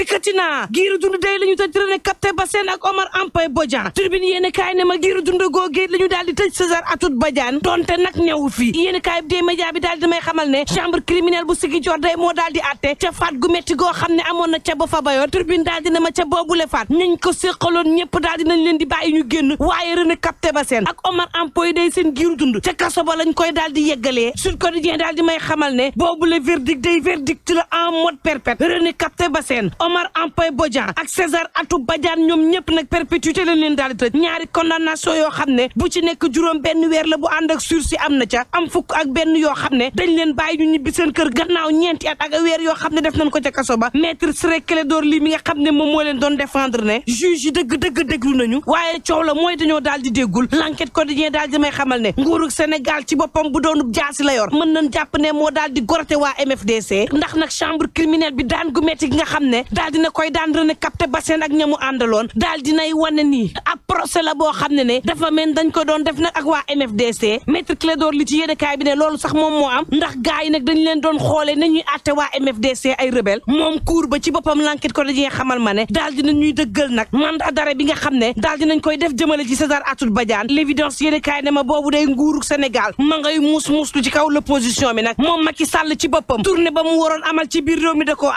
dikkati naa giiru dund day la ñu tëj René Captain Bassène ak Omar Ampay Bodian tribune yéen ne ma giiru dund googee la ñu daal di tëj César Atoute Badiane donte nag ñëwu fi yéen kaay bi dee di may xamal ne chambre criminelle bu sigi day moo daal atte ca faat gu métti goo xam ne amoon na ca ba fa bayoo tribune daal dina ma ca boobule faat ñañ ko séqaloon ñëpp daal dinañ leen di bàyyi ñu génn waaye René Captain Bassène ak Omar Ampay day seen giiru dund di yeggalee Sud Quotidien daal di may xamal ne Omar Ampay Bodian ak César Atou Badiane ñoom ñëpp nag perpétuité lañ leen daal di tëj ñaari condamnation yoo xam ne bu ci nekk juróom benn weer la bu ànd ak sursis am na ca am fukk ak benn yoo xam ne dañu leen bàyyi ñu ñibbi seen kër gannaaw ñeenti at ak weer yoo xam ne def nañ ko ca kaso ba maître Ciré Clédor Ly mi nga xam ne moom moo leen doon défendre ne juge yi dëgg dëgg déglu nañu waaye coow la mooy dañoo daal di déggul l'enquête quotidien daal di may xamal ne nguurug Sénégal ci boppam bu doonu jaasi la yor mën nañ jàpp ne moo daal di gorote waa MFDC ndax nag chambre criminelle bi daan gu gi nga xam ne daal dina koy daan René Capté Bassène ak ñamu àndaloon daal dinay wane nii ab procès la boo xam ne ne dafa mel dañ ko doon def nag ak waa MFDC maître Clédor li ci yéenekaay bi ne loolu sax moom moo am ndax yi nag dañ leen doon xoolee na ñuy àtte waa MFDC ay rebelle moom kuur ba ci boppam l'enquête ko dañuy xamal ma ne daal na ñuy dëggal nag mandat d'arrêt bi nga xam ne daal dinañ koy def jëmale ci César Atoute Badiane l'évidence yéenekaay ne ma boobu day nguuru Sénégal ma ngay muus muus lu ci kaw position bi nag moom ma Macky Sall ci boppam tournée ba mu waroon amal ci biir réew mi da koo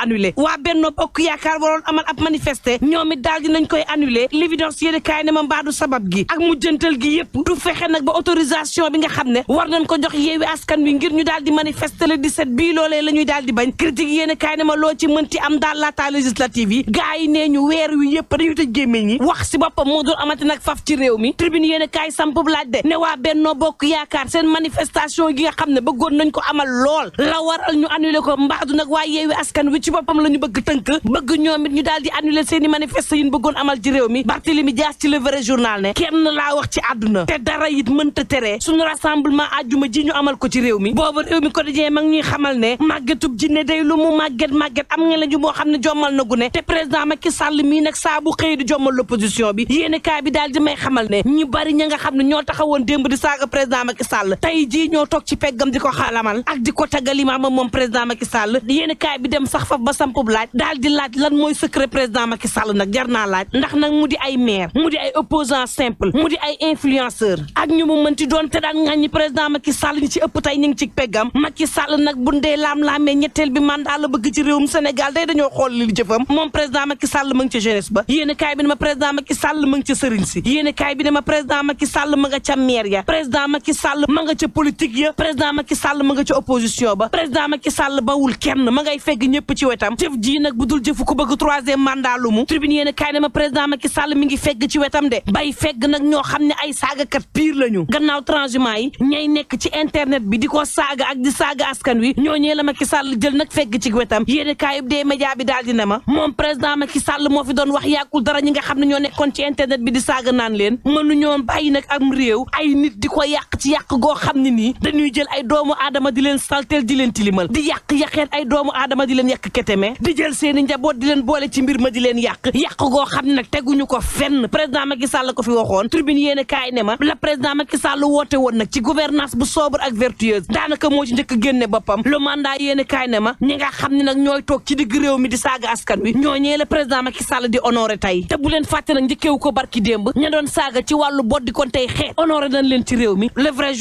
yaakaar waroon amal ab manifester ñoomi it daal koy annuler l'évidence yéen kaay ne ma mbaadu sabab gi ak mujjantal gi yépp du fexe nag ba autorisation bi nga xam ne war nañ ko jox yeewi askan wi ngir ñu daal di manifester le bii loolee la ñuy daal di bañ critique yéen kaay ne ma loo ci mënti am daal laataa législative yi gars yi nee ñu weer wi yépp dañu tëj gémmiñ ñi wax si boppam moo dul amati nag ci réew mi tribune yéen kaay samp laaj de ne waa Benno Bokk Yaakaar seen manifestation gi nga xam ne bëggoon nañ ko amal lool la waral ñu annuler ko mbaadu nag waa yeewi askan wi ci boppam la ñu bëgg tënk bëgg ñoom it ñu daal di annuler seen i manifeste yi ñu bëggoon amal ci réew mi Barthélémy Dias ci le journal ne kenn laa wax ci àdduna te dara it mënta tere suñu rassemblement àjjuma ji ñu amal ko ci réew mi boobu réew mi quotidien mag ñuy xamal ne màggetub jinne day lu mu màgget màgget am nga la ñu moo xam ne jommal na ne te président Macky Sall mii nag saabu bu xëy di jommal l'opposition bi yéen kaay bi daal di may xamal ne ñu bari ña nga xam ne ñoo taxawoon démb di saaga président Macky Sall tey jii ñoo toog ci peggam di ko xalamal ak di ko tagalimaama moom président Macky Sall yéen kaay bi dem sax faf ba sampub laaj daal laaj lan mooy secret président Macky Sall nag jar naa laaj ndax nag mu di ay maire mu di ay opposant simple mu di ay influenceur ak ñu mu mënti doon te daan ñi président maki Sall ñu ci ëpp tey ñu ngi ci peggam Macky Sall nag bu ndee laam-laamee ñetteel bi mandat la bëgg ci réewum Sénégal day dañoo xool li jëfam moom président Macky Sall ma ngi ci jeunesse ba yéen kaay bi président Macky Sall ma ngi ci sëriñ si yéen kaay bi ne ma président Macky Sall ma nga ca maire ya président Macky Sall ma nga ca politique ya président Macky Sall ma nga ca opposition ba président Macky Sall bawul kenn ma ngay fegg ñëpp wetam jëf fu ko bëgg troisième mandat lu mu tribune yéen kaay ne ma président Macky Sall mi ngi fegg ci wetam de bay fegg nag ñoo xam ne ay saagakat pire la ñu gannaaw transhumant yi ñay nekk ci internet bi di ko saaga ak di saaga askan wi ñooñee la Macky Sall jël nag fegg ci wetam yéen kaay dee média bi daal di ne ma moom président Macky Sall moo fi doon wax yàggul dara ñi nga xam ne ñoo nekkoon ci internet bi di saaga naan leen mënuñoo bàyyi nag am réew ay nit di ko yàq ci yàq goo xam ne nii dañuy jël ay doomu aadama di leen salteel di leen tilimal di yàq yàqeen ay doomu aadama di leen yàq keteme di jël seeni njaboot njaboot di leen boole ci mbir ma di leen yàq yàq goo xam ne nag teguñu ko fenn président Macky Sall ko fi waxoon tribune yéene kaay ne ma la président Macky Sall woote woon nag ci gouvernance bu sobre ak vertueuse daanaka moo ci njëkk génne boppam le mandat yéene kaay ne ma ñi nga xam ne nag ñooy toog ci digg réew mi di saaga askan wi ñooñee la président Macky Sall di honoré tey te bu leen fàtte nag njëkkeewu ko barki démb ña doon saaga ci wàllu bot di kon tey xeet honoré réew mi le vrai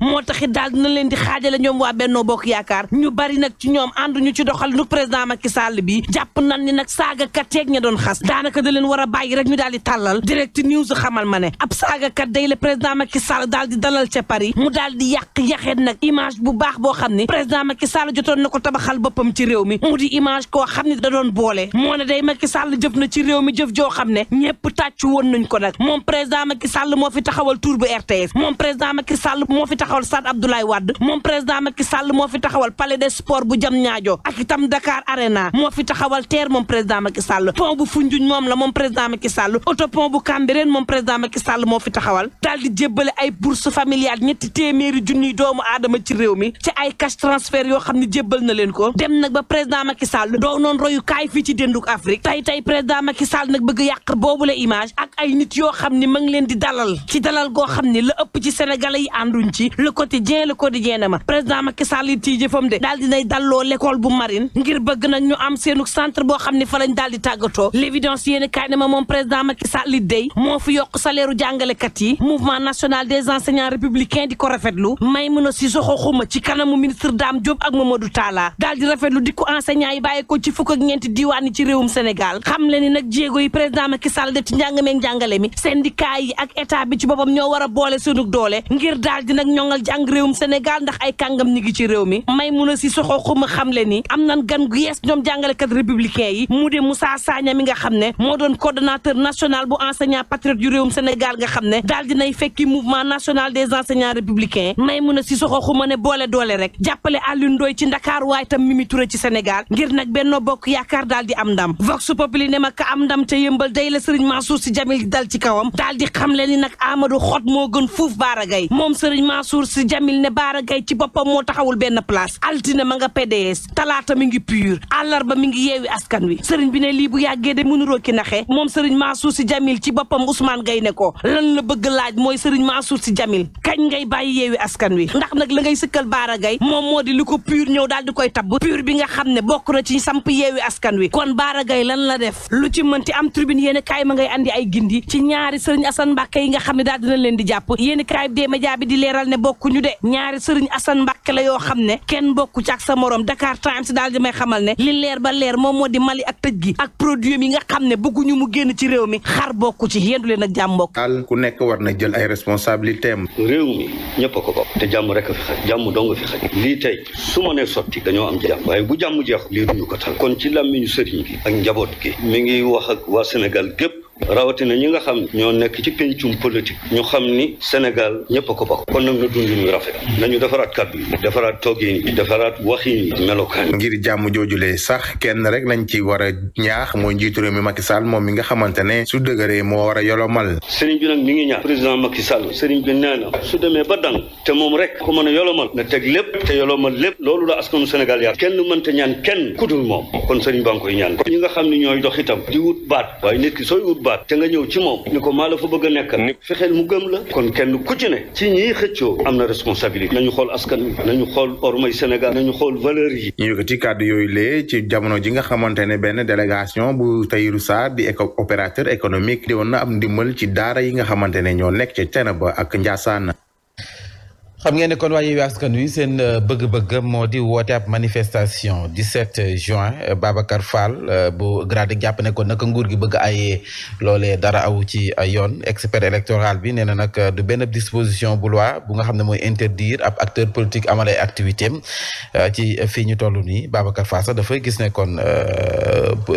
moo taxit daal dinañ leen di xaajale ñoom waa Bennoo Bokk Yaakaar ñu bari nag ci ñoom ànduñu ci doxal nu président Macky Sall bi jàpp nan ni nag saagakat yeeg ña doon xas daanaka da leen war a bàyyi rek ñu daal di tàllal direct news xamal ma ne ab saagakat day la président Macky Sall daal di dalal ca Paris mu daal di yàq yaxeet nag image bu baax boo xam ne président Macky Sall jotoon na ko tabaxal boppam ci réew mi mu di image koo xam ne da doon boole moo ne day Macky Sall jëf na ci réew mi jëf joo xam ne ñëpp tàcc woon nañ ko nag moom président Macky Sall moo fi taxawal tour bu RTS moom président Macky Sall moo fi taxawal stade Abdoulaye Wade moom président Macky Sall moo fi taxawal palais des sports bu Diamniadio ak itam Dakar moo fi taxawal Angleterre moom président Macky Sall pont bu Foundiougne moom la moom président Macky moo fi taxawal daal di jébbale ay bourse familiale ñetti téeméeri junniy doomu aadama ci réew mi ci ay cash transfert yoo xam ne jébbal na leen ko dem nag ba président Macky Sall doo noon royu kaay fii ci dénduk Afrique tey tey président Macky nag bëgg yàq boobu la image ak ay nit yoo xam ni ma ngi leen di dalal ci dalal goo xam ne la ëpp ci sénégalais yi ànduñ ci le quotidien le quotidien na ma président Macky Sall yi tii jëfam de daal centre boo xam ne fa lañ daal di tàggatoo l'évidence yéen kaay ne ma moom président Macky Sall li day moo fi yokk salaire u jàngalekat yi mouvement national des enseignants républicains di ko rafetlu may mën a si soxoxuma ci kanamu ministre Dame Diop ak Mamadou Talla daal di rafetlu di ko enseignants yi bàyyi ko ci fukk ak ñeenti ci réewum Sénégal xam le ni nag jéego yi président Macky Sall ci njàng meeg mi syndicat yi ak état bi ci boppam ñoo war a boole sunu doole ngir daal nag ñoŋal jàng réewum Sénégal ndax ay kàngam ñi ci réew mi may mën a si soxoxuma xam le ni am nan gan républicain yi mu di Moussa Sagna mi nga xam ne moo doon coordonnateur national bu enseignant patriote yu Sénégal nga xam ne daal dinay fekki mouvement national des enseignants républicains may mun a si soxoxu ma ne boole doole rek jàppale Alioune Ndoye ci Ndakaar waaye tam Mimi Touré ci Sénégal ngir nag Benno Bokk Yaakaar daal di am ndam Vox Populi ne ma ka am ndam te yëmbal day la Serigne Mansour Sy Djamil dal ci kawam daal di xam le ni nag Amadou Xot moo gën fuuf Baara Gaye moom Serigne Mansour Sy Djamil ne Baara Gaye ci boppam moo taxawul benn place altine ma nga PDS talaata mi ngi pur dimbali askan wi sëriñ bi ne lii bu yàggee de mënuroo ki naxe moom sëriñ Mansour Sy Djamil ci boppam Ousmane Gaye ne ko lan la bëgg laaj mooy sëriñ Mansour Sy Djamil kañ ngay bàyyi yeewi askan wi ndax nag la ngay sëkkal Baara moom moo di li ko pur ñëw daal di koy tabb pur bi nga xam ne bokk na ci samp yeewi askan wi kon Baara Gaye lan la def lu ci mënti am tribune yéen kaay ma ngay andi ay gindi ci ñaari sëriñ Assane Mbacké yi nga xam ne daal dina leen di jàpp yéen kaay bi dee média bi di leeral ne bokkuñu de ñaari sëriñ Assane Mbacké la yoo xam ne kenn bokku ci ak moom moo di Mali ak tëj gi ak produit yi nga xam ne bëgguñu mu génn ci réew mi xar bokku ci yendu leen ak jàmm mbokk daal ku nekk war na jël ay responsabilité am réew mi ñëpp a ko bokk te jàmm rek fi xaj jàmm dong fi xaj lii tey su ma nee sotti dañoo am jàmm waaye bu jàmm jeexul lii duñu ko tal kon ci làmmiñu sëriñ bi ak njaboot gi mi ngi wax ak waa Sénégal gépp rawatina ñi nga xam ñoo nekk ci pencum politique ñu xam ni Sénégal ñëpp a ko bokk kon nag na dund ñu rafet nañu defaraat kàddu yi defaraat toggin yi defaraat waxin yi melokaan ngir jàmm joojulee sax kenn rek lañ ci war a ñaax mooy njiitu réew mi Macky Sall moom mi nga xamante ne su dëgëree moo war a yolomal sëriñ bi nag mi ngi ñaax président Macky Sall sëriñ bi nee su demee ba dang te moom rek ko mën a yolomal na teg lépp te yolomal lépp loolu la askanu Sénégal yar kenn mënta ñaan kenn ku dul moom kon sëriñ baa ngi koy ñaan ñi xam ne ñooy dox itam di wut baat baat te nga ñëw ci moom ni ko maa la fa bëgg a nekkal fexeel mu gëm la kon kenn ku ci ne ci ñiy xëccoo am na responsabilité nañu xool askan wi nañu xool ormay Sénégal ñu xool valeur yi ñu yëkkati kàddu yooyu lee ci jamono ji nga xamante ne benn délégation bu Tahirou Sarr di éco opérateur économique di woon na am ndimbal ci daara yi nga xamante ne ñoo nekk ca Thiénaba ak Ndiassane xam ngeen ne kon waa waas Askan Wi seen euh, bëgg-bëgg moo di woote ab manifestation 17 juin euh, Babacar Fall euh, bu grade jàpp ne kon naka nguur gi bëgg ay loolee dara aw ci yoon expert électoral bi nee na nag du benn disposition bu loi bu nga xam ne mooy interdire ab acteur politique amal ay activité ci fii ñu toll nii Babacar Fall sax dafay gis ne kon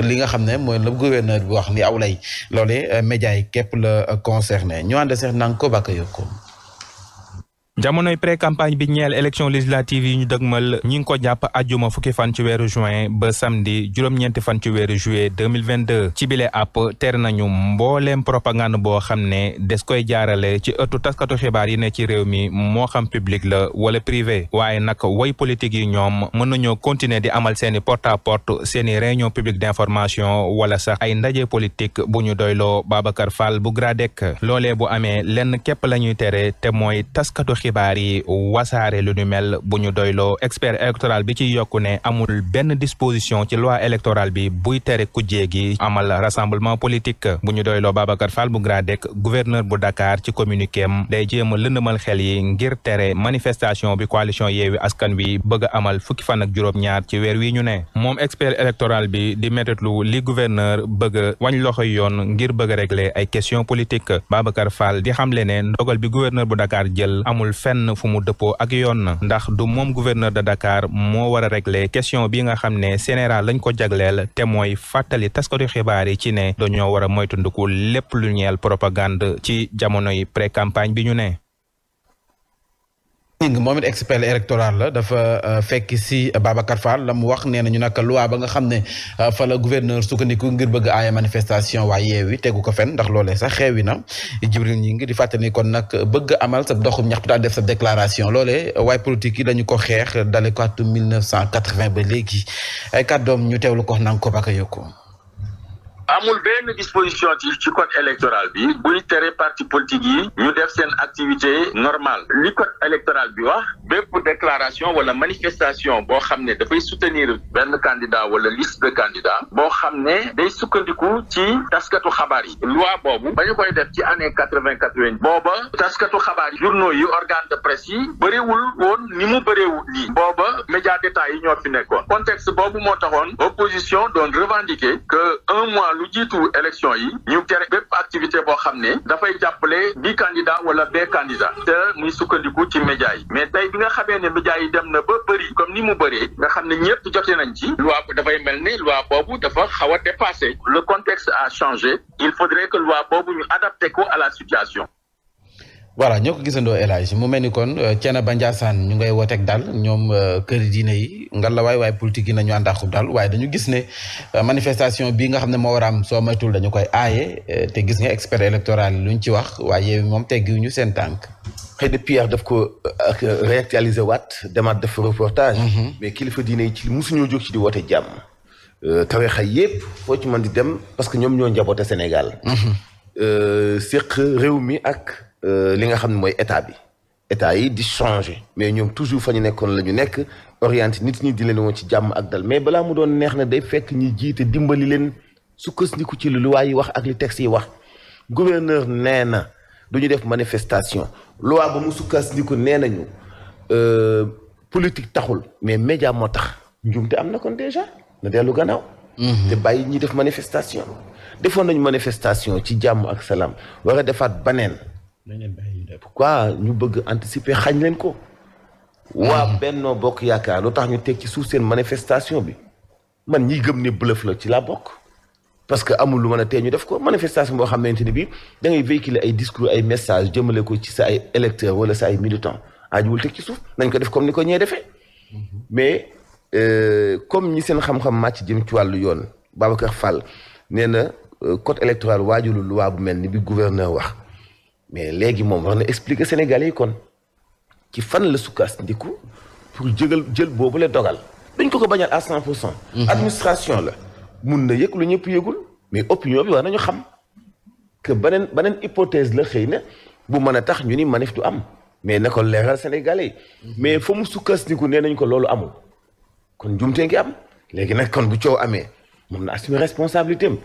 li nga xam ne mooy la gouverneur bi wax ni aw lay loolee média yi képp la concerné ñu ànd sax nang ko bàkk yokku jamonoy pré campagne bi ñeel élection législative yi ñu dëgmal ñi ngi ko jàpp ajuma fukki fan ci weeru juin ba samedi juróom-ñeenti fan ci weeru juillet 2022 ci bile app ter nañu mbooleem propagande boo xam ne des koy jaarale ci ëttu taskatu xibaar yi ne ci réew mi moo xam public la wala privé waaye nag woy politique yi ñoom mën nañoo continuer di amal seeni porte à porte seeni réunion publique d'information wala sax ay ndaje politique bu ñu doyloo Babacar Fall bu Gradec loolee bu amee lenn képp la ñuy tere te xibaar yi wasaare lu ñu mel bu ñu doyloo expert électoral bi ci yokku ne amul benn disposition ci loi électorale bi buy tere kujjee gi amal rassemblement politique bu ñu doyloo Babacar Fall bu Gradec gouverneur bu dakaar ci communiqué am day jéem a lëndëmal xel yi ngir tere manifestation bi coalition Yewwi Askan Wi bëgg amal fukki fan ak juróom-ñaar ci weer wi ñu ne moom expert électoral bi di métetlu li gouverneur bëgg wañ loxo yoon ngir bëgg a régler ay question politique fenn fu mu dëppoo ak yoon ndax du moom gouverneur de Dakar moo war a régler question bi nga xam ne sénéral lañ ko jagleel te mooy fàttali taskatu xibaar yi ci ne dañoo war a moytandiku lépp lu ñeel propagande ci jamonoy pré-campagne bi ñu ne moom it expert électoral la dafa euh, fekk si Babacar Fall la mu wax nee ñu nag loi ba nga xam ne euh, fa la gouverneur sukkandiku ngir bëgg aaya manifestation waaye yeewi tegu ko fen ndax loole sax xeewi na Jibril ñi ngi di fàttali kon nag bëgg amal sa doxum ñaxtu daal def sa déclaration loolee waaye politique yi dañu ko xeex dale ko atum 1980 ba léegi ay kàddoom ñu teewlu ko nanga ko baka yokku amul benn disposition ci ci code électoral bi buy tere parti politique yi ñu def seen activité normale li code électoral bi wax bépp déclaration wala manifestation boo xam ne dafay soutenir benn candidat wala liste de candidats boo xam ne day sukkandiku ci taskatu xabaar yi loi boobu ba koy def ci année quatre-vingt quatre-vingt booba taskatu xabaar yi journaux yi organe de presse yi bëriwul woon ni mu bëreewul nii booba média d'état yi ñoo fi nekkoon contexte boobu moo taxoon lu jiitu élection yi ñu tere bépp activité boo xam ne dafay jàppale bi candidat wala bee candidat te muy sukkandiku ci média yi mais tey bi nga xamee ne média yi dem na ba bëri comme ni mu bëree nga xam ne ñëpp jote nañ ci loi dafay mel ni loi boobu dafa xaw a dépassé le contexte a changé il faudrait que loi boobu ñu adapté ko à la situation voilà ñoo ko gisandoo élage mu mel ni kon euh, ba Ndiassane ñu ngay wooteeg daal ñoom euh, kër diine yi ngal la waay waaye politique yi nañu àndaaxub daal waaye dañu gis ne euh, manifestation bii nga xam ne moo war a am soo moytul dañu koy aaye te gis nga expert électoral luñ ci wax waaye moom ñu seen tànk xëy na Pierre daf ko réactualiser waat demaat def reportage mm-hmm. mais kilifa diine yi ci mosuñoo jóg ci di woote jàmm tawexa yépp foo ci mën di dem parce que ñoom ñoo njaboote Sénégal mm-hmm. séq réew mi ak Euh, li nga xam ne mooy état bi état yi di changer mais ñoom toujours fa ñu nekkoon la ñu nekk oriente nit ñi di leen woon ci jàmm ak dal mais balaa doon neex na day fekk ñi jiite dimbali leen sukkandiku ci lu loi wax ak li texte yi wax gouverneur nee na du ñu def manifestation loi ba mu sukkandiku nee nañu euh, politique taxul mais média moo tax njuumte am na kon déjà na dellu gannaaw. Mhm. bàyyi ñi def manifestation. defoon nañu manifestation ci jàmm ak salaam war defaat baneen. pourquoi ñu bëgg anticiper xañ leen ko. waa hmm. benn Bokk Yaakaar loo tax ñu teg ci suuf seen manifestation bi man ñi gëm ne bluff la ci laa bokk. parce que amul lu mën a tee ñu def ko manifestation boo xamante ni bii da ngay véhiculer ay discours ay message jëmale ko ci sa ay électeurs wala sa ay militants aajuwul teg ci suuf nañ ko def comme ni ko ñee defee. Hmm. mais euh, comme ñi seen xam-xam màcc jëm ci wàllu yoon Babacar Fall nee na euh, code électoral waajulul loi bu mel ni bi gouverneur wax. mais léegi moom wax na explique Sénégalais yi kon ci fan la sukkaas ndiku pour jëgal jël boobu la dogal dañ ko ko bañal à cent pour cent mhm. administration la mun na yëg lu ñëpp yëgul mais opinion bi war nañu xam que beneen beneen hypothèse la xëy na bu mën a tax ñu ni manif du am mais na ko leeral Sénégalais yi mhm. mais fa mu sukkaas ndiku nee nañ ko loolu amul kon jumtee ngi am léegi nag kon bu coow amee moom na assumer responsabilité am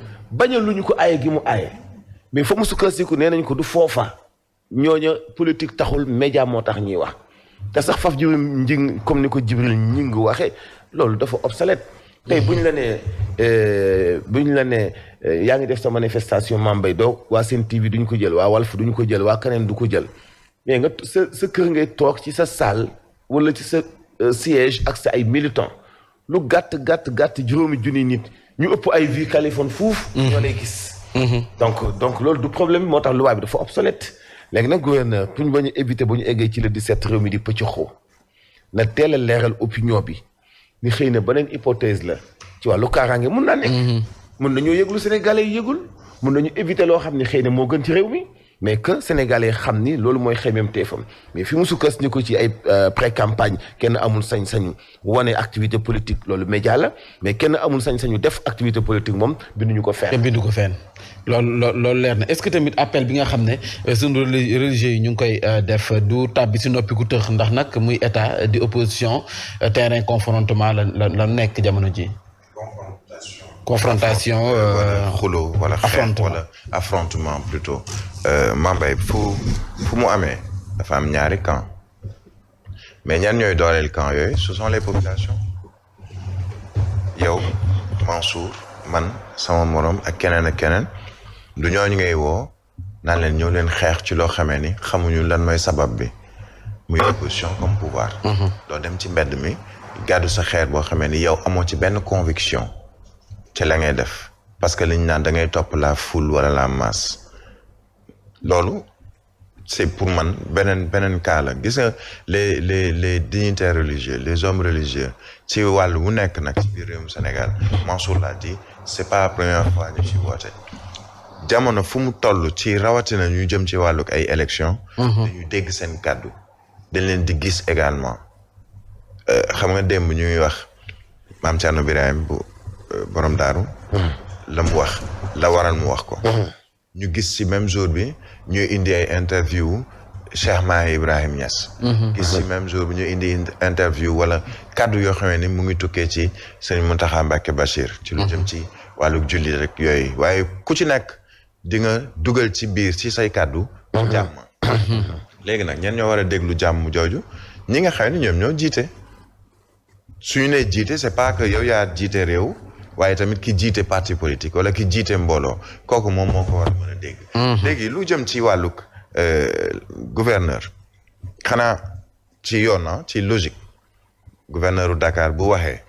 lu ñu ko aaye gi mu aaye mais fa mu ku nee nañ ko du foofa ñooña politique taxul média moo tax ñuy wax te sax faf ji njing comme ni ko jibril ñing waxee loolu dafa obsolète tey bu ñu la nee euh, bu ñu la nee euh, yaa ngi def sa manifestation Mame Mbaye Ndao waa Sen TV duñ ko jël waa Walf duñ ko jël waa keneen du ko jël mais nga sa sa kër ngay toog ci sa salle wala ci sa euh, siège ak sa ay militants lu gàtt gàtt gàtt juróomi junni nit ñu ëpp ay vie californe fuuf. Mm-hmm. ñoo lay gis. Mhm. donc donc loolu du problème bi moo tax loi bi dafa obsolète léegi nag gouverneur pour ñu bañ a éviter ba ñu eggee ci le 17 réew mi di pëccëxoo na teel a leeral opinion bi ni xëy na beneen hypothèse la ci wàllu kaaraange mun naa nekk. Mhm. mun nañoo yëglu Sénégalais yëgul mun nañu éviter loo xam ne xëy na moo gën ci réew mi. mais que sénégalais xam ni loolu mooy xemeem téefam mais fi mu sukkandiku ci ay euh, pré campagne kenn amul sañ-sañu wane activité politique loolu média la mais kenn amul sañ-sañu def activité politique moom binduñu ko fenn. te bindu ko fenn loolu loolu leer na est-ce que tamit appel bi nga xam ne euh, sunu religieux yi ñu ngi koy euh, def du tàbbi si noppi ku tëx ndax nag muy état di opposition terrain confrontement la la la nekk jamono ji. confrontation. confrontation xuloo wala xeex wala affrontement plutôt. Euh, Mambay fu fu mu amee dafa am ñaari camp mais ñan ñooy dooleel camp yooyu ce sont les populations yow Mansour man sama moroom ak keneen ak keneen du ñooñu ngay woo naan leen ñëw leen xeex ci loo xamee ni xamuñu lan mooy sabab bi muy opposition comme pouvoir mhm. doo dem ci mbedd mi gàddu sa xeer boo xamee ni yow amoo ci benn conviction ci la ngay def parce que liñ naan da ngay topp la foule wala la masse loolu c'est pour man beneen beneen cas la gis nga les les les dignitaires religieux les hommes religieux ci wàll wu nekk nag ci biir mu Sénégal Mansour l'a dit c'est pas la première fois ñu ci woote jamono fu mu toll ci rawatina ñu jëm ci wàllug ay élections. Mhm. dañu dégg seen kàddu dañ leen di gis également euh, xam nga démb ñuy wax maam Thierno Birahim bu euh, borom daaru mhm. la mu wax la waral mu wax ko mhm. ñu gis ci même jour bi ñuy indi ay interview Cheikh Mahi Ibrahim Niass mhm. gis ci même jour bu ñu indi interview wala kàddu yoo xamee ni mu ngi tukkee ci sëñ Mountakha Mbacké Bachir ci lu jëm mhm. ci wàllu julli rek yooyu waaye ku ci nekk di nga dugal ci biir ci say kàddu mhm. jàmm léegi nag ñeen ñoo war a déglu jàmm jooju ñi nga xam ne ñoom ñoo jiite suñu ne jiite c'est pas que yow yaa jiite réew waaye tamit ki jiite parti politique wala ki jiite mbooloo kooku moom moo ko war a mën a dégg. Mhm. léegi lu jëm ci wàllug euh, gouverneur xanaa ci yoon ah, ci logique gouverneur u Dakar bu waxee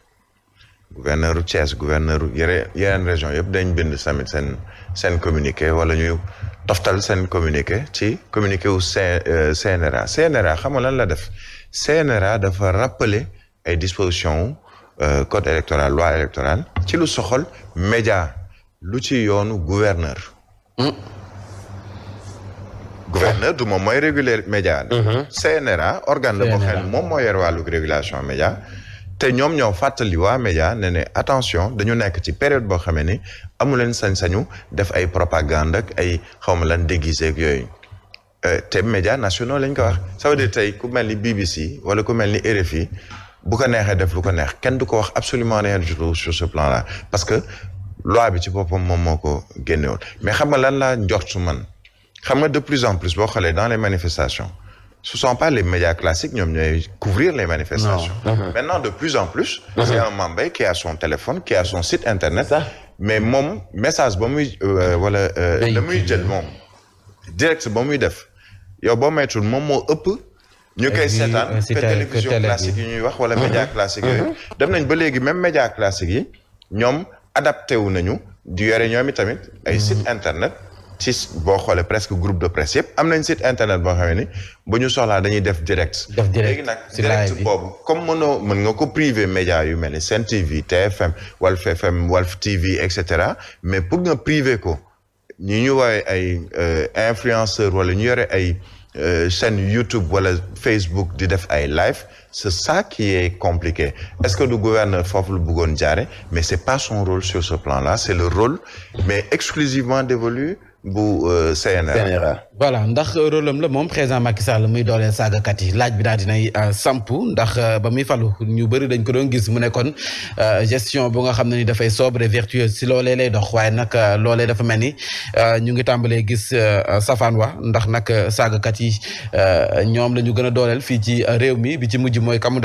gouverneur u Thiès gouverneur u yeneen région yëpp dañ bind samit seen seen communiqué wala ñuy toftal seen communiqué ci communiqué wu CNRA euh, CNRA xam nga lan la def CNRA dafa rappeler ay dispositions Euh, code électoral loi électorale ci lu soxol média lu ci yoonu gouverneur hmm. gouverneur du moom mooy réguler média CNRA hmm. organe la boo xam moom moo yor wàllu régulation média te ñoom ñoo fàttali waa média ne ne attention dañu nekk ci période boo xamee ni amu leen sañ-sañu def ay propagande ak ay xawma lan déguisé ak yooyu euh, te média nationaux lañ ko wax ça veut tey ku mel ni BBC wala ku mel ni RFI bu ko neexee def lu ko neex kenn du ko wax absolument rien du tout sur ce plan là parce que loi bi ci boppam moom moo ko génnewul mais xam nga lan laa su man xam nga de plus en plus boo xoolee dans les manifestations ce sont pas les médias classiques ñoom ñooy couvrir les manifestations non. Uh-huh. de plus en plus c'est uh-huh. un Mambay qui a son téléphone qui a son site internet mais moom message ba muy euh, wala euh, la muy jël moom direct ba muy def yow boo maytul moom moo ëpp ñu koy seetaan euh, que télévision classique yi ñuy wax wala média classique yooyu uh-huh. dem nañ ba léegi même média classique yi ñoom adapté wu nañu di yore ñoom i tamit ay uh-huh. site internet ci boo xoolee presque groupe de presse yëpp am nañ site internet boo xamee ni bu ñu soxlaa dañuy def direct léegi nag direct boobu comme mënoo mën nga ko privé média yu mel ni Sen TV TFM Walf FM Walf TV et cetera mais pour nga privé ko ñu ñu woowee ay euh, influenceur wala ñu yore ay Euh, chaîne YouTube wala Facebook di def ay live c'est ça qui est compliqué est-ce que du gouverneur foofu lu bëggoon jaare mais c'est pas son rôle sur ce plan-là c'est le rôle mais exclusivement dévolu bu euh, CNRA. voilà ndax rôle am la moom président Macky muy dooleel saagakat yi laaj bi daal dinay euh, samp ndax euh, ba muy falu ñu bëri dañ ko doon gis mu ne kon gestion bu nga xam ne ni dafay sobre vertueuse si loolee lay dox waaye nag loolee dafa mel ni ñu ngi tàmbalee gis safaan wa ndax nag saagakat yi ñoom la gën a dooleel fii ci réew mi bi ci mujj mooy kamu